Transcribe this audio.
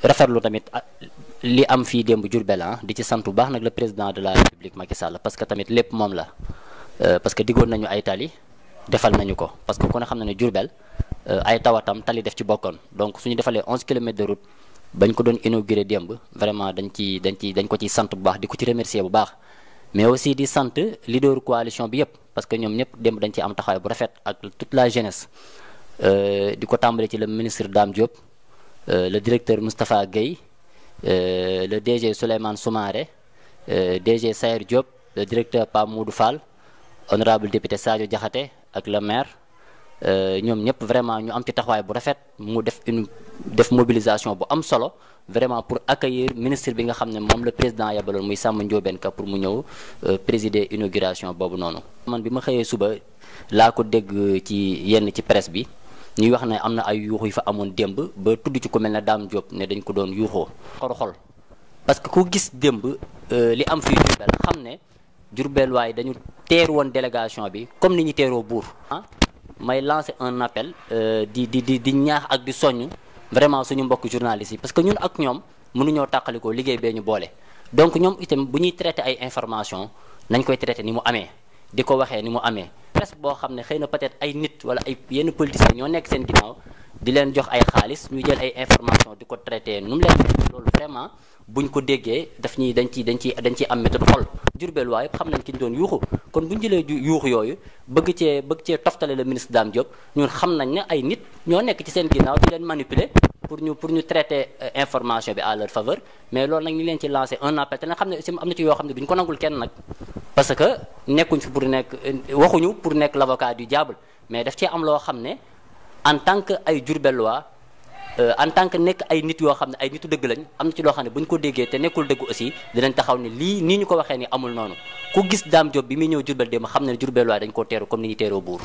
rafetlu tamit ah, li am fi dembu jurbela di ci sant bu nak le président de la république Macky Sall parce que tamit lepp mom la euh, parce que diggoon nañu ay tali defal nañu ko parce que ko ne xamna ne jurbel euh ay tawatam tali def ci bokon donc suñu defale 11 km de route bañ ko don inaugurer demb vraiment dañ ci dañ ci dañ ko ci sante bu baax di ko ci remercier bu baax mais aussi di sante leader coalition bi yep parce que ñom ñep demb dañ ci am taxaw bu rafet ak toute la jeunesse euh, di diko tambalé ci le ministre Dame Diop Euh, le directeur Mustafa Gueye, euh, le DG Souleymane Soumaré, euh, DG Saher Diop, le directeur Pamoudou Fall, honorable député Sadio Diakhaté ak le maire ñoom ñëpp vraiment ñu am ci taxawaay bu rafet mu def une def mobilisation bu am solo vraiment pour accueillir ministre bi nga xam ne le président yabalon muy Samba Ndiobène Ka pour mu ñëw présider inauguration bobu noonu. man bima xeye suba la ko dégg ci yenn ci presse bi. ñuy wax ne am na ay yuuxu yu fa amoon démb ba tudd ci ku mel ne Dame Diop ne dañ ko doon yuuxoo xor xol parce que ku gis démb euh, li am fi Jurbel xam ne Jurbel waaye dañu teer woon délégation bi comme ni ñu teeroo buur ah may lancer un appel euh, di di di di ñaax ak di soññ vraiment suñu mbokk journalistes yi parce que ñun ak ñoom mënuñoo tàqalikoo liggéey bee ñu boole donc ñoom itam bu ñuy traité ay information nañ koy traité ni mu amee di ko waxee ni mu amee presse boo xam ne xëy na peut-être ay nit wala ay yenn politiciens ñoo nekk seen ginnaaw di leen jox ay xaalis ñu jël ay information di ko traité nu mu leen loolu vraiment buñ dañ ciy dañ ciy dañ ciy am méthode xol Jurbel waaye xam nañ ki ñu doon yuuxu kon bu ñu jëlee yuuxu yooyu bëgg cee bëgg cee toftale le ministre Dame Diop ñun xam nañ ne ay nit ñoo nekk ci seen ginnaaw di leen manipuler pour ñu pour ñu traiter euh, information bi à leur faveur mais loolu nag ñu leen ci lancé un appel te nag xam ne aussi am na ci yoo xam ne duñ ko nangul kenn nag parce que nekkuñ fi pour nekk waxuñu pour nekk l' avocat du mais def ci am loo xam ne en tant que ay Diourbellois euh, en tant que nekk ay nit yoo xam ne ay nitu dëgg lañ am na ci loo xam ne bu ñu ko déggee te nekkul dëgg aussi dinañ taxaw ni lii nii ñu ko waxee ni amul noonu ku gis Dame Diop bi muy ñëw Diourbel démb xam ne Diourbellois dañ koo teeru comme ni ñu teeroo buur